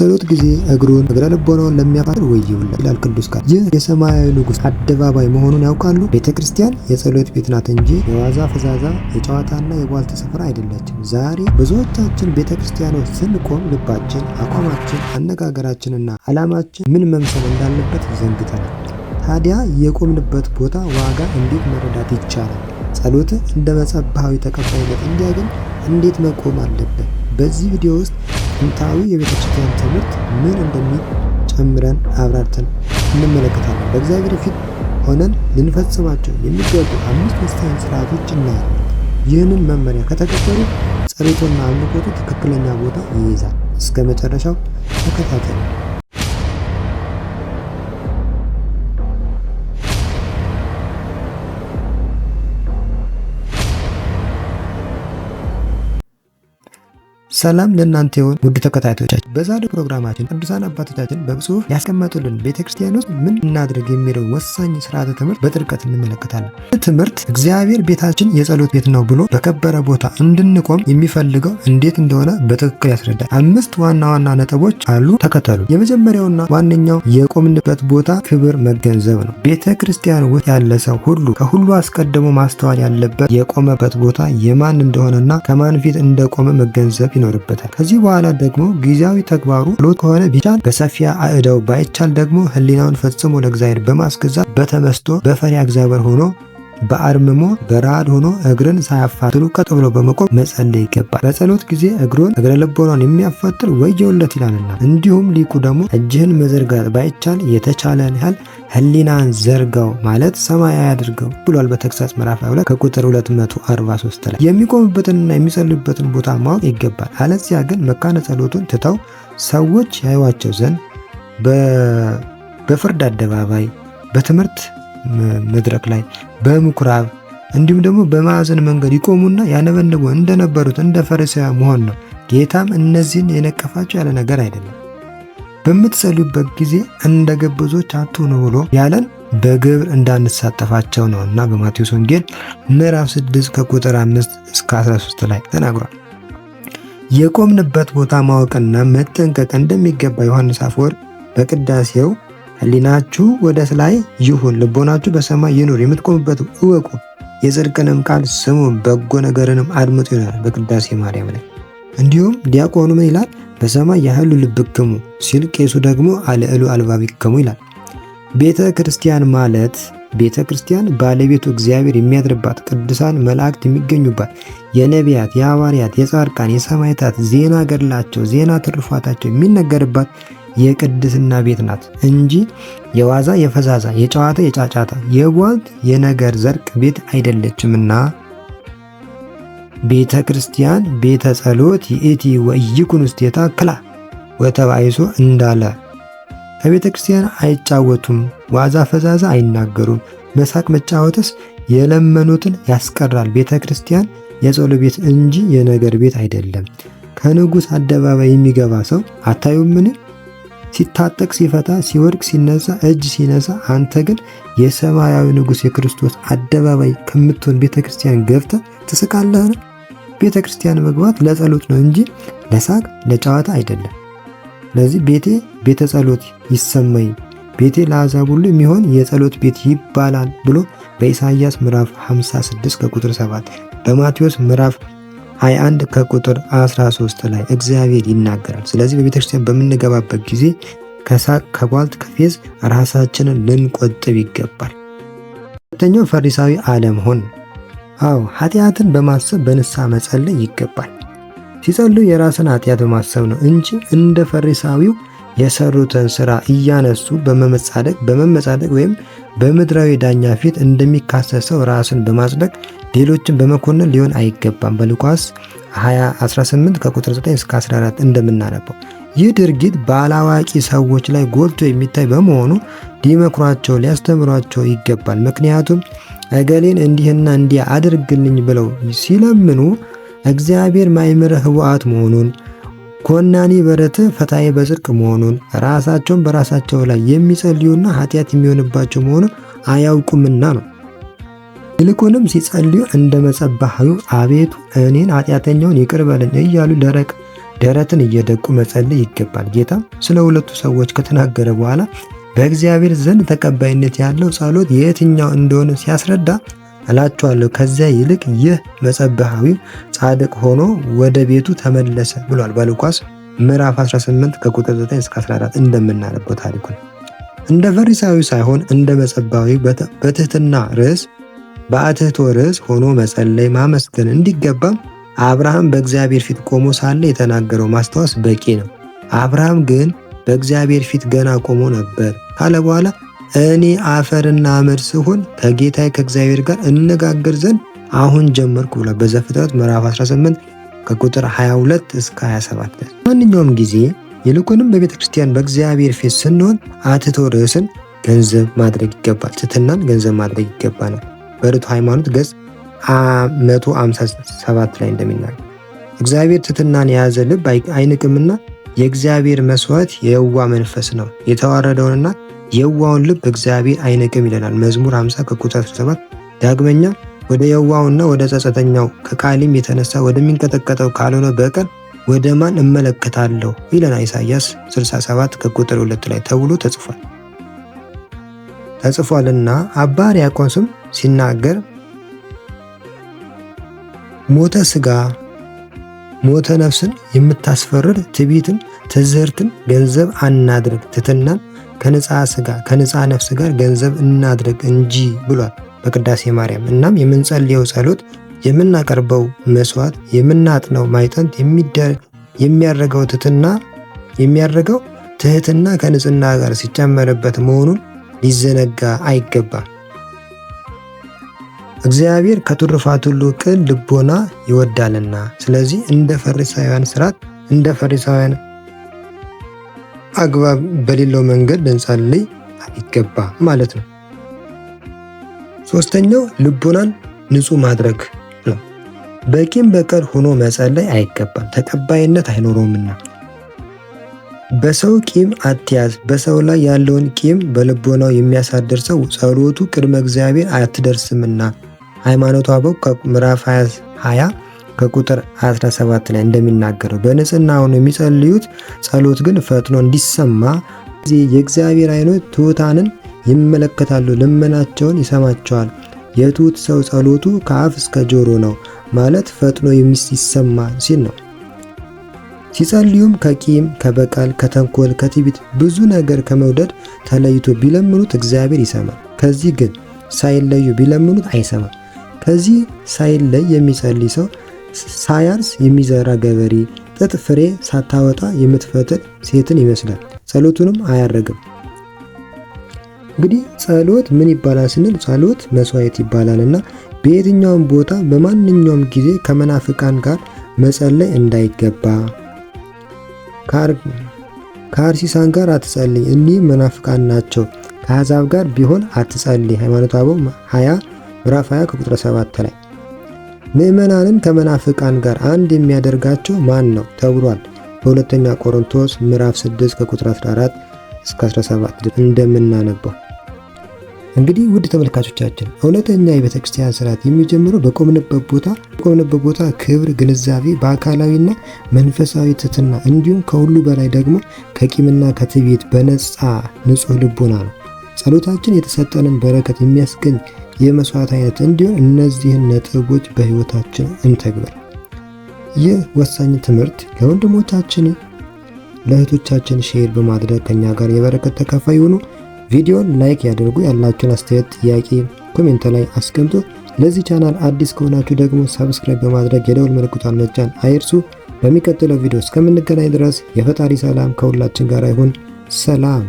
ጸሎት ጊዜ እግሩን እግረ ልቦናውን ለሚያቃጥል ወየውላ ይላል ቅዱስ ቃል። ይህ የሰማያዊ ንጉሥ አደባባይ መሆኑን ያውቃሉ? ቤተ ክርስቲያን የጸሎት ቤት ናት እንጂ የዋዛ ፈዛዛ የጨዋታና የቧልት ስፍራ አይደለችም። ዛሬ ብዙዎቻችን ቤተ ክርስቲያኖች ስንቆም ልባችን፣ አቋማችን፣ አነጋገራችንና ዓላማችን ምን መምሰል እንዳለበት ዘንግተናል። ታዲያ የቆምንበት ቦታ ዋጋ እንዴት መረዳት ይቻላል? ጸሎት እንደ መጸባሃዊ ተቀባይነት እንዲያገኝ እንዴት መቆም አለበት? በዚህ ቪዲዮ ውስጥ ጥንታዊ የቤተክርስቲያን ትምህርት ምን እንደሚል ጨምረን አብራርተን እንመለከታለን። በእግዚአብሔር ፊት ሆነን ልንፈጽማቸው የሚገቡ አምስት መስተን ስርዓቶች እናያለን። ይህንን መመሪያ ከተከተሉ ጸሎቶና አምልኮቱ ትክክለኛ ቦታ ይይዛል። እስከ መጨረሻው ተከታተሉ። ሰላም ለእናንተ ይሁን ውድ ተከታታዮቻችን። በዛሬው ፕሮግራማችን ቅዱሳን አባቶቻችን በጽሁፍ ያስቀመጡልን ቤተክርስቲያን ውስጥ ምን እናድርግ የሚለው ወሳኝ ስርዓተ ትምህርት በጥልቀት እንመለከታለን። ትምህርት እግዚአብሔር ቤታችን የጸሎት ቤት ነው ብሎ በከበረ ቦታ እንድንቆም የሚፈልገው እንዴት እንደሆነ በትክክል ያስረዳል። አምስት ዋና ዋና ነጥቦች አሉ፣ ተከተሉ። የመጀመሪያውና ዋነኛው የቆምንበት ቦታ ክብር መገንዘብ ነው። ቤተ ክርስቲያን ውስጥ ያለ ሰው ሁሉ ከሁሉ አስቀድሞ ማስተዋል ያለበት የቆመበት ቦታ የማን እንደሆነና ከማን ፊት እንደቆመ መገንዘብ ይኖ ይኖርበታል። ከዚህ በኋላ ደግሞ ጊዜያዊ ተግባሩ ሎት ከሆነ ቢቻል በሰፊያ አእዳው ባይቻል ደግሞ ህሊናውን ፈጽሞ ለእግዚአብሔር በማስገዛት በተመስጦ በፈሪያ እግዚአብሔር ሆኖ በአርምሞ በረሃድ ሆኖ እግርን ሳያፋትሉ ቀጥ ብሎ በመቆም መጸለይ ይገባል። በጸሎት ጊዜ እግሮን እግረ ልቦናን የሚያፋጥር ወየውለት ይላልና፣ እንዲሁም ሊቁ ደግሞ እጅህን መዘርጋት ባይቻል የተቻለን ያህል ህሊናን ዘርጋው ማለት ሰማያዊ አድርገው ብሏል በተግሳጽ ምዕራፍ 22 ከቁጥር 243 ላይ። የሚቆምበትንና የሚጸልዩበትን ቦታ ማወቅ ይገባል። አለዚያ ግን መካነ ጸሎቱን ትተው ሰዎች ያዩዋቸው ዘንድ በፍርድ አደባባይ፣ በትምህርት መድረክ ላይ፣ በምኩራብ እንዲሁም ደግሞ በማዕዘን መንገድ ይቆሙና ያነበንቡ እንደነበሩት እንደ ፈሪሳውያን መሆን ነው። ጌታም እነዚህን የነቀፋቸው ያለ ነገር አይደለም። በምትጸልዩበት ጊዜ እንደ ግብዞች አትሁኑ ብሎ ያለን በግብር እንዳንሳተፋቸው ነው እና በማቴዎስ ወንጌል ምዕራፍ 6 ከቁጥር 5 እስከ 13 ላይ ተናግሯል። የቆምንበት ቦታ ማወቅና መጠንቀቅ እንደሚገባ ዮሐንስ አፈወርቅ በቅዳሴው ህሊናችሁ ወደ ላይ ይሁን፣ ልቦናችሁ በሰማይ ይኑር፣ የምትቆምበት እወቁ፣ የጽድቅንም ቃል ስሙ፣ በጎ ነገርንም አድምጡ ይሆናል በቅዳሴ ማርያም ላይ። እንዲሁም ዲያቆኑ ምን ይላል? በሰማይ ያህሉ ልብክሙ ሲል ቄሱ ደግሞ አልዕሉ አልባቢክሙ ይላል። ቤተ ክርስቲያን ማለት ቤተ ክርስቲያን ባለቤቱ እግዚአብሔር የሚያድርባት ቅዱሳን መላእክት የሚገኙባት የነቢያት፣ የሐዋርያት፣ የጻድቃን፣ የሰማዕታት ዜና ገድላቸው፣ ዜና ትሩፋታቸው የሚነገርባት የቅድስና ቤት ናት እንጂ የዋዛ የፈዛዛ፣ የጨዋታ የጫጫታ፣ የቧልት የነገር ዘርቅ ቤት አይደለችምና ቤተ ክርስቲያን ቤተ ጸሎት ይእቲ ወኢይኩን ውስቴታ ክላ ወተባይሶ እንዳለ ከቤተ ክርስቲያን አይጫወቱም፣ ዋዛ ፈዛዛ አይናገሩም። መሳቅ መጫወትስ የለመኑትን ያስቀራል። ቤተ ክርስቲያን የጸሎ ቤት እንጂ የነገር ቤት አይደለም። ከንጉሥ አደባባይ የሚገባ ሰው አታዩምን? ሲታጠቅ፣ ሲፈታ፣ ሲወድቅ፣ ሲነሳ፣ እጅ ሲነሳ፣ አንተ ግን የሰማያዊ ንጉሥ የክርስቶስ አደባባይ ከምትሆን ቤተ ክርስቲያን ገብተ ትስቃለህን? ቤተ ክርስቲያን መግባት ለጸሎት ነው እንጂ ለሳቅ ለጨዋታ አይደለም። ስለዚህ ቤቴ ቤተ ጸሎት ይሰማኝ፣ ቤቴ ለአሕዛብ ሁሉ የሚሆን የጸሎት ቤት ይባላል ብሎ በኢሳይያስ ምዕራፍ 56 ከቁጥር 7 በማቴዎስ ምዕራፍ 21 ከቁጥር 13 ላይ እግዚአብሔር ይናገራል። ስለዚህ በቤተ ክርስቲያን በምንገባበት ጊዜ ከሳቅ ከቧልት ከፌዝ ራሳችንን ልንቆጥብ ይገባል። ሁለተኛው ፈሪሳዊ አለመሆን አዎ ኃጢአትን በማሰብ በንስሐ መጸለይ ይገባል። ሲጸልዩ የራስን ኃጢአት በማሰብ ነው እንጂ እንደ ፈሪሳዊው የሰሩትን ሥራ እያነሱ በመመጻደቅ በመመጻደቅ ወይም በምድራዊ ዳኛ ፊት እንደሚካሰሰው ራስን በማጽደቅ ሌሎችን በመኮነን ሊሆን አይገባም። በሉቃስ 2018 ከቁጥር 9 እስከ 14 እንደምናነበው ይህ ድርጊት ባላዋቂ ሰዎች ላይ ጎልቶ የሚታይ በመሆኑ ሊመክሯቸው፣ ሊያስተምሯቸው ይገባል። ምክንያቱም እገሌን እንዲህና እንዲህ አድርግልኝ ብለው ሲለምኑ እግዚአብሔር ማይምረ ህወአት መሆኑን ኮናኒ በረት ፈታዬ በጽድቅ መሆኑን ራሳቸውን በራሳቸው ላይ የሚጸልዩና ኃጢአት የሚሆንባቸው መሆኑን አያውቁምና ነው። ይልቁንም ሲጸልዩ እንደ መጸባዩ አቤቱ እኔን ኃጢአተኛውን ይቅር በለኝ እያሉ ደረቅ ደረትን እየደቁ መጸለይ ይገባል። ጌታ ስለ ሁለቱ ሰዎች ከተናገረ በኋላ በእግዚአብሔር ዘንድ ተቀባይነት ያለው ጸሎት የትኛው እንደሆነ ሲያስረዳ እላችኋለሁ ከዚያ ይልቅ ይህ መጸብሐዊ ጻድቅ ሆኖ ወደ ቤቱ ተመለሰ ብሏል። በሉቃስ ምዕራፍ 18 ከቁጥር 9 እስከ 14 እንደምናነበው ታሪኩን እንደ ፈሪሳዊ ሳይሆን እንደ መጸባዊ በትህትና ርዕስ በአትህቶ ርዕስ ሆኖ መጸለይ ማመስገን እንዲገባም አብርሃም በእግዚአብሔር ፊት ቆሞ ሳለ የተናገረው ማስታወስ በቂ ነው። አብርሃም ግን በእግዚአብሔር ፊት ገና ቆሞ ነበር ካለ በኋላ እኔ አፈርና አመድ ስሆን ከጌታዬ ከእግዚአብሔር ጋር እነጋገር ዘንድ አሁን ጀመርኩ ብሏል። በዘፍጥረት ምዕራፍ 18 ከቁጥር 22 እስከ 27 ማንኛውም ጊዜ ይልቁንም በቤተ ክርስቲያን በእግዚአብሔር ፊት ስንሆን አትቶ ርዕስን ገንዘብ ማድረግ ይገባል። ትትናን ገንዘብ ማድረግ ነው። በርቱ ሃይማኖት ገጽ 157 ላይ እንደሚናገር እግዚአብሔር ትትናን የያዘ ልብ አይንቅምና የእግዚአብሔር መስዋዕት የየዋ መንፈስ ነው፣ የተዋረደውንና የዋውን ልብ እግዚአብሔር አይንቅም ይለናል መዝሙር 50 ከቁጥር 7። ዳግመኛ ወደ የዋውና ወደ ጸጸተኛው ከቃሊም የተነሳ ወደሚንቀጠቀጠው ካልሆነ በቀር ወደ ማን እመለከታለሁ ይለናል ኢሳይያስ 67 ከቁጥር 2 ላይ ተብሎ ተጽፏል ተጽፏልና አባ ሕርያቆስም ሲናገር ሞተ ሥጋ ሞተ ነፍስን የምታስፈርድ ትቢትን ትዝርትን ገንዘብ አናድርግ፣ ትትናን ከንፃ ስጋ ከንፃ ነፍስ ጋር ገንዘብ እናድርግ እንጂ ብሏል በቅዳሴ ማርያም። እናም የምንጸልየው ጸሎት፣ የምናቀርበው መስዋዕት፣ የምናጥነው ማይጠንት የሚያደረገው ትትና የሚያደርገው ትህትና ከንጽህና ጋር ሲጨመርበት መሆኑን ሊዘነጋ አይገባም። እግዚአብሔር ከትሩፋት ሁሉ ቅን ልቦና ይወዳልና። ስለዚህ እንደ ፈሪሳውያን ስርዓት እንደ ፈሪሳውያን አግባብ በሌለው መንገድ ልንጸልይ አይገባ ማለት ነው። ሶስተኛው ልቦናን ንጹህ ማድረግ ነው። በቂም በቀል ሆኖ መጸለይ አይገባም፣ ተቀባይነት አይኖረውምና። በሰው ቂም አትያዝ። በሰው ላይ ያለውን ቂም በልቦናው የሚያሳድር ሰው ጸሎቱ ቅድመ እግዚአብሔር አትደርስምና ሃይማኖተ አበው ምዕራፍ 20 ከቁጥር 17 ላይ እንደሚናገረው በንጽህና ሆኖ የሚጸልዩት ጸሎት ግን ፈጥኖ እንዲሰማ ጊዜ የእግዚአብሔር ዓይኖች ትሑታንን ይመለከታሉ፣ ልመናቸውን ይሰማቸዋል። የትሑት ሰው ጸሎቱ ከአፍ እስከ ጆሮ ነው ማለት ፈጥኖ የሚሰማ ሲል ነው። ሲጸልዩም ከቂም፣ ከበቀል፣ ከተንኮል፣ ከትዕቢት ብዙ ነገር ከመውደድ ተለይቶ ቢለምኑት እግዚአብሔር ይሰማል። ከዚህ ግን ሳይለዩ ቢለምኑት አይሰማም። ከዚህ ሳይለይ የሚጸልይ ሰው ሳያንስ የሚዘራ ገበሬ ጥጥ ፍሬ ሳታወጣ የምትፈጥር ሴትን ይመስላል። ጸሎቱንም አያረግም። እንግዲህ ጸሎት ምን ይባላል ስንል ጸሎት መስዋዕት ይባላል እና በየትኛውም ቦታ በማንኛውም ጊዜ ከመናፍቃን ጋር መጸለይ እንዳይገባ ከአርሲሳን ጋር አትጸልይ፣ እኒህ መናፍቃን ናቸው። ከአሕዛብ ጋር ቢሆን አትጸልይ። ሃይማኖተ አበው 20 ምዕራፍ 20 ከቁጥር 7 ላይ ምእመናንን ከመናፍቃን ጋር አንድ የሚያደርጋቸው ማን ነው ተብሏል በሁለተኛ ቆሮንቶስ ምዕራፍ 6 ከቁጥር 14 እስከ 17 እንደምናነባው። እንግዲህ ውድ ተመልካቾቻችን እውነተኛ የቤተ ክርስቲያን ስርዓት የሚጀምረው በቆምንበት ቦታ በቆምንበት ቦታ ክብር፣ ግንዛቤ፣ በአካላዊና መንፈሳዊ ትትና እንዲሁም ከሁሉ በላይ ደግሞ ከቂምና ከትቤት በነፃ ንጹህ ልቦና ነው። ጸሎታችን የተሰጠንን በረከት የሚያስገኝ የመስዋዕት አይነት እንዲሆን እነዚህን ነጥቦች በህይወታችን እንተግበር። ይህ ወሳኝ ትምህርት ለወንድሞቻችን ለእህቶቻችን ሼር በማድረግ ከኛ ጋር የበረከት ተካፋይ የሆኑ ቪዲዮን ላይክ ያደርጉ። ያላችሁን አስተያየት፣ ጥያቄ ኮሜንት ላይ አስቀምጡ። ለዚህ ቻናል አዲስ ከሆናችሁ ደግሞ ሰብስክራይብ በማድረግ የደውል ምልክቷን መጫን አይርሱ። በሚቀጥለው ቪዲዮ እስከምንገናኝ ድረስ የፈጣሪ ሰላም ከሁላችን ጋር ይሁን። ሰላም